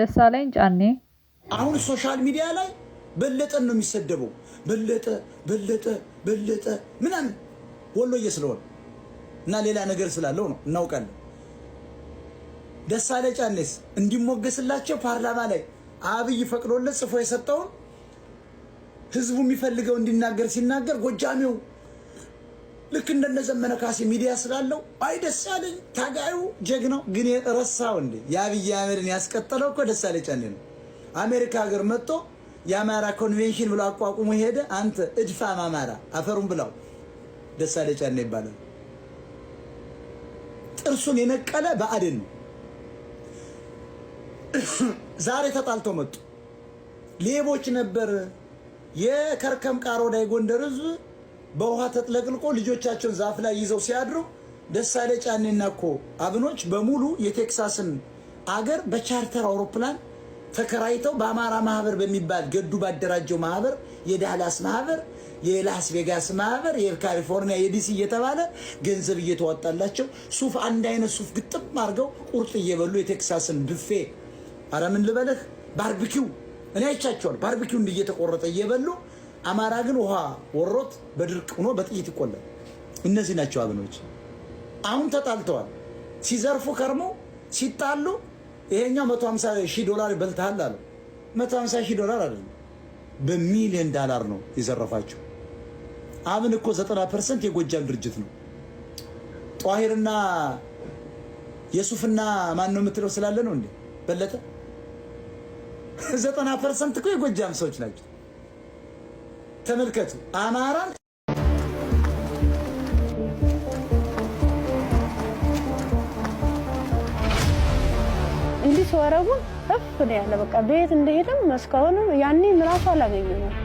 ደሳለኝ ጫኔ አሁን ሶሻል ሚዲያ ላይ በለጠን ነው የሚሰደበው። በለጠ በለጠ በለጠ ምናምን ወሎዬ ስለሆነ እና ሌላ ነገር ስላለው ነው እናውቃለን። ደሳለኝ ጫኔስ እንዲሞገስላቸው ፓርላማ ላይ አብይ ፈቅዶለት ጽፎ የሰጠውን ህዝቡ የሚፈልገው እንዲናገር ሲናገር ጎጃሜው ልክ ዘመነ ካሴ ሚዲያ ስላለው አይ ታጋዩ ጀግናው ግን የረሳው እንዴ የአብይ አህመድን ያስቀጠለው እኮ ደስ አለኝ ጫኔ ነው። አሜሪካ ሀገር መጥቶ የአማራ ኮንቬንሽን ብሎ አቋቁሞ ሄደ። አንተ እድፋም አማራ አፈሩን ብላው ደስ ጫኔ ይባላል። ጥርሱን የነቀለ በአድን ነው። ዛሬ ተጣልተው መጡ። ሌቦች ነበር የከርከም ቃሮዳይ ጎንደር ህዝብ በውሃ ተጥለቅልቆ ልጆቻቸውን ዛፍ ላይ ይዘው ሲያድሩ ደሳለኝ ጫኔና እኮ አብኖች በሙሉ የቴክሳስን አገር በቻርተር አውሮፕላን ተከራይተው በአማራ ማህበር በሚባል ገዱ ባደራጀው ማህበር የዳላስ ማህበር፣ የላስ ቬጋስ ማህበር፣ የካሊፎርኒያ፣ የዲሲ እየተባለ ገንዘብ እየተዋጣላቸው ሱፍ አንድ አይነት ሱፍ ግጥም አድርገው ቁርጥ እየበሉ የቴክሳስን ብፌ አረምን ምን ልበልህ ባርቢኪው እኔ አይቻቸዋል። ባርቢኪው እንዲህ እየተቆረጠ እየበሉ አማራ ግን ውሃ ወሮት በድርቅ ሆኖ በጥይት ይቆላል። እነዚህ ናቸው አብኖች። አሁን ተጣልተዋል። ሲዘርፉ ከርሞ ሲጣሉ ይሄኛው 150 ሺህ ዶላር ይበልትሃል አለ። 150 ሺህ ዶላር አይደለም በሚሊዮን ዳላር ነው የዘረፋቸው። አብን እኮ 90% የጎጃም ድርጅት ነው። ጧሂርና የሱፍና ማን ነው የምትለው ስላለ ነው እንዴ በለጠ። 90% እኮ የጎጃም ሰዎች ናቸው። ተመልከቱ አማራን እንዲህ ሲወረቡን እፍ ነው ያለ። በቃ ቤት እንደሄደም እስካሁንም ያኔ ምራሱ አላገኘ አላገኘም።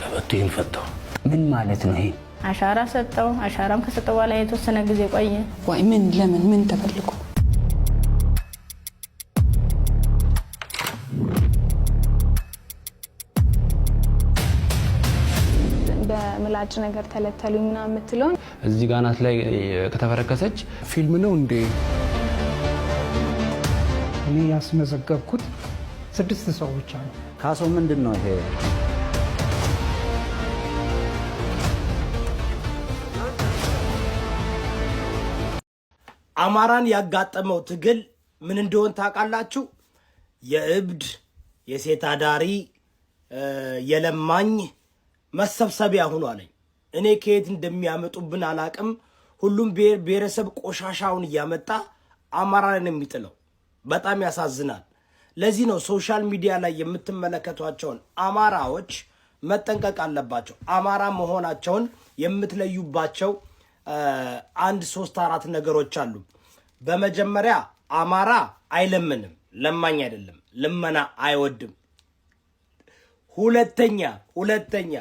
ቀበቴን ፈታው ምን ማለት ነው ይሄ? አሻራ ሰጠው። አሻራም ከሰጠው በኋላ የተወሰነ ጊዜ ቆየ። ወይ ምን ለምን ምን ተፈልጎ ላጭ ነገር ተለተሉኝ ምናምን የምትለውን እዚህ ጋ ናት ላይ ከተፈረከሰች ፊልም ነው እንዴ? እኔ ያስመዘገብኩት ስድስት ሰው ብቻ ነው። ካሶ ምንድን ነው ይሄ? አማራን ያጋጠመው ትግል ምን እንደሆን ታውቃላችሁ? የእብድ የሴት አዳሪ የለማኝ መሰብሰቢያ አለኝ። እኔ ከየት እንደሚያመጡብን አላቅም። ሁሉም ብሔረሰብ ቆሻሻውን እያመጣ አማራ ላይ ነው የሚጥለው። በጣም ያሳዝናል። ለዚህ ነው ሶሻል ሚዲያ ላይ የምትመለከቷቸውን አማራዎች መጠንቀቅ አለባቸው። አማራ መሆናቸውን የምትለዩባቸው አንድ ሶስት አራት ነገሮች አሉ። በመጀመሪያ አማራ አይለምንም፣ ለማኝ አይደለም፣ ልመና አይወድም። ሁለተኛ ሁለተኛ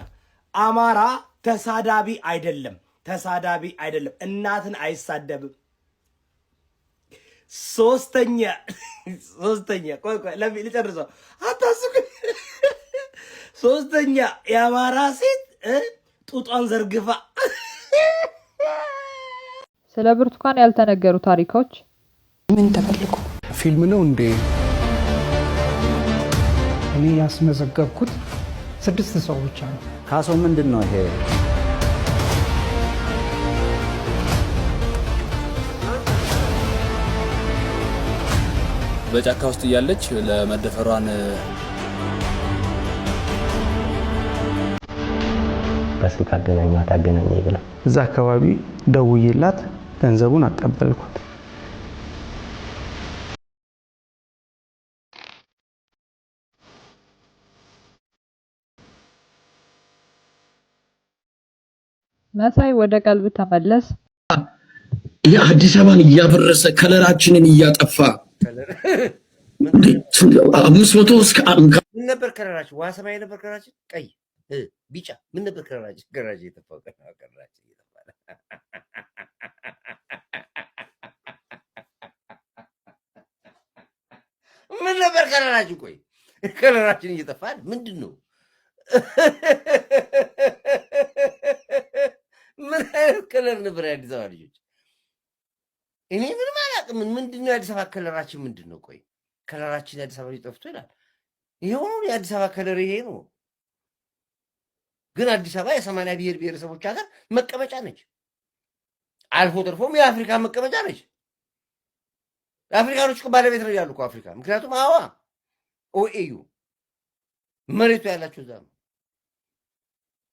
አማራ ተሳዳቢ አይደለም፣ ተሳዳቢ አይደለም። እናትን አይሳደብም። ሶስተኛ ሶስተኛ ቆይ ቆይ ልጨርሰው። አታስቁ። ሶስተኛ የአማራ ሴት ጡጧን ዘርግፋ። ስለ ብርቱካን ያልተነገሩ ታሪኮች ምን ተፈልጎ ፊልም ነው እንዴ? እኔ ያስመዘገብኩት ስድስት ሰው ብቻ ነው። ካሶ ምንድን ነው ይሄ? በጫካ ውስጥ እያለች ለመደፈሯን በስልክ አገናኟት አገናኘ እዛ አካባቢ ደውዬላት ገንዘቡን አቀበልኩት። መሳይ ወደ ቀልብ ተመለስ። የአዲስ አበባን እያፈረሰ ከለራችንን እያጠፋ አምስት መቶ እስከ ምን ነበር ከለራችን? ውሃ ሰማያዊ ነበር ከለራችን፣ ቀይ ቢጫ ምን ነበር ከለራችን? ከለራችን የጠፋው ከለራችን ምን ነበር ከለራችን? ቆይ ከለራችን እየጠፋን ምንድን ነው? ከለር ነበር የአዲስ አበባ ልጆች። እኔ ምንም አላውቅም። ምንድን ነው የአዲስ አበባ ከለራችን ምንድን ነው? ቆይ ከለራችን የአዲስ አበባ ሊጠፍቶ ጠፍቶ ይላል። ይሄው የአዲስ አበባ ከለር ይሄ ነው። ግን አዲስ አበባ የሰማንያ ብሔር ብሔረሰቦች ሀገር መቀመጫ ነች። አልፎ ተርፎም የአፍሪካ መቀመጫ ነች። አፍሪካኖች ባለቤት ነው ያሉ አፍሪካ። ምክንያቱም አዋ ኦኤዩ መሬቱ ያላቸው እዛ ነው።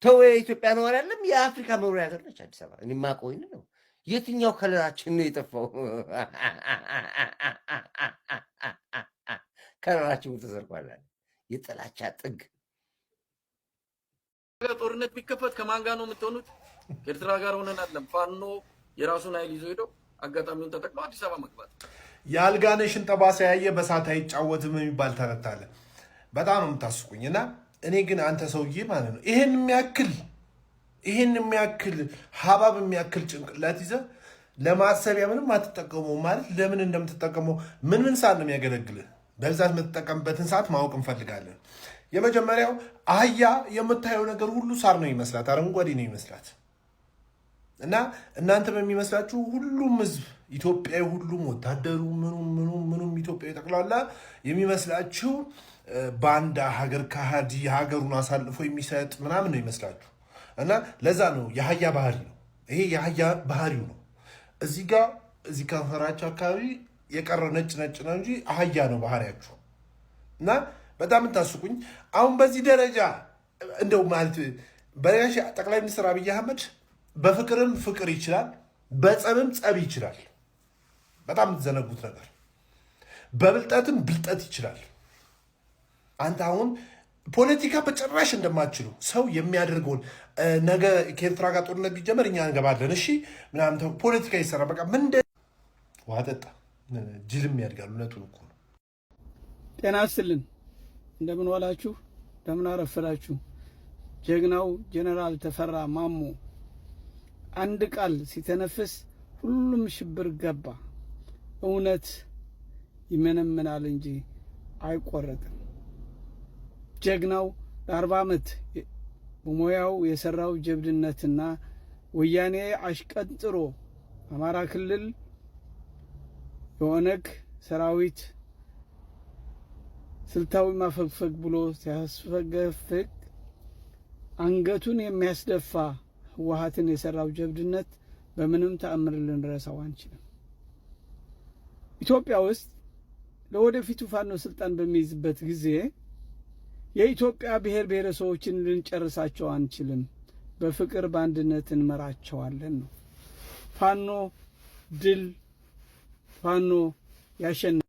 ሰው የኢትዮጵያ ነዋሪ አለም የአፍሪካ መኖሪያ ሀገር ነች አዲስ አበባ። እኔ የማውቀው ይህን ነው። የትኛው ከለራችን ነው የጠፋው? ከለራችን ተሰርቋል። የጥላቻ ጥግ ጦርነት ቢከፈት ከማን ጋር ነው የምትሆኑት? ከኤርትራ ጋር ሆነን አለም ፋኖ የራሱን ኃይል ይዞ ሄደው አጋጣሚውን ተጠቅሞ አዲስ አበባ መግባት የአልጋነሽን ጠባሳ ያየ በሳት አይጫወትም የሚባል ተረት አለ። በጣም ነው የምታስቁኝ እና እኔ ግን አንተ ሰውዬ ማለት ነው ይሄን የሚያክል ይሄን የሚያክል ሀባብ የሚያክል ጭንቅላት ይዘ ለማሰቢያ ምንም አትጠቀመው ማለት ለምን እንደምትጠቀመው ምን ምን ሰዓት ነው የሚያገለግልህ በብዛት የምትጠቀምበትን ሰዓት ማወቅ እንፈልጋለን። የመጀመሪያው አህያ የምታየው ነገር ሁሉ ሳር ነው ይመስላት፣ አረንጓዴ ነው ይመስላት እና እናንተ በሚመስላችሁ ሁሉም ህዝብ ኢትዮጵያዊ፣ ሁሉም ወታደሩ፣ ምኑም ምኑም ምኑም ኢትዮጵያዊ ጠቅላላ የሚመስላችሁ ባንዳ ሀገር ካሃዲ ሀገሩን አሳልፎ የሚሰጥ ምናምን ነው ይመስላችሁ። እና ለዛ ነው የሀያ ባህሪ ነው ይሄ የሀያ ባህሪው ነው። እዚህ ጋ እዚህ ከንፈራቸው አካባቢ የቀረው ነጭ ነጭ ነው እንጂ አህያ ነው ባህሪያችሁ። እና በጣም እንታስቁኝ አሁን በዚህ ደረጃ እንደው ማለት በሌላሽ ጠቅላይ ሚኒስትር አብይ አህመድ በፍቅርም ፍቅር ይችላል፣ በጸብም ጸብ ይችላል። በጣም የምትዘነጉት ነገር በብልጠትም ብልጠት ይችላል። አንተ አሁን ፖለቲካ በጭራሽ እንደማችሉ ሰው የሚያደርገውን ነገ ከኤርትራ ጋር ጦርነት ቢጀመር እኛ እንገባለን፣ እሺ ምናምን ፖለቲካ ይሰራ። በቃ ምንደ ዋጠጣ ጅልም ያድጋል። እውነቱን እኮ ነው። ጤና ይስጥልን፣ እንደምን ዋላችሁ፣ እንደምን አረፈዳችሁ። ጀግናው ጀነራል ተፈራ ማሞ አንድ ቃል ሲተነፍስ ሁሉም ሽብር ገባ። እውነት ይመነምናል እንጂ አይቆረጥም። ጀግናው ለአርባ ዓመት በሙያው የሰራው ጀብድነትና ወያኔ አሽቀንጥሮ አማራ ክልል የኦነግ ሰራዊት ስልታዊ ማፈግፈግ ብሎ ሲያስፈገፍግ አንገቱን የሚያስደፋ ህወሀትን የሰራው ጀብድነት በምንም ተአምር ልንረሳው አንችልም። ኢትዮጵያ ውስጥ ለወደፊቱ ፋኖ ስልጣን በሚይዝበት ጊዜ የኢትዮጵያ ብሔር ብሔረሰቦችን ልንጨርሳቸው አንችልም፣ በፍቅር በአንድነት እንመራቸዋለን ነው። ፋኖ ድል! ፋኖ ያሸነ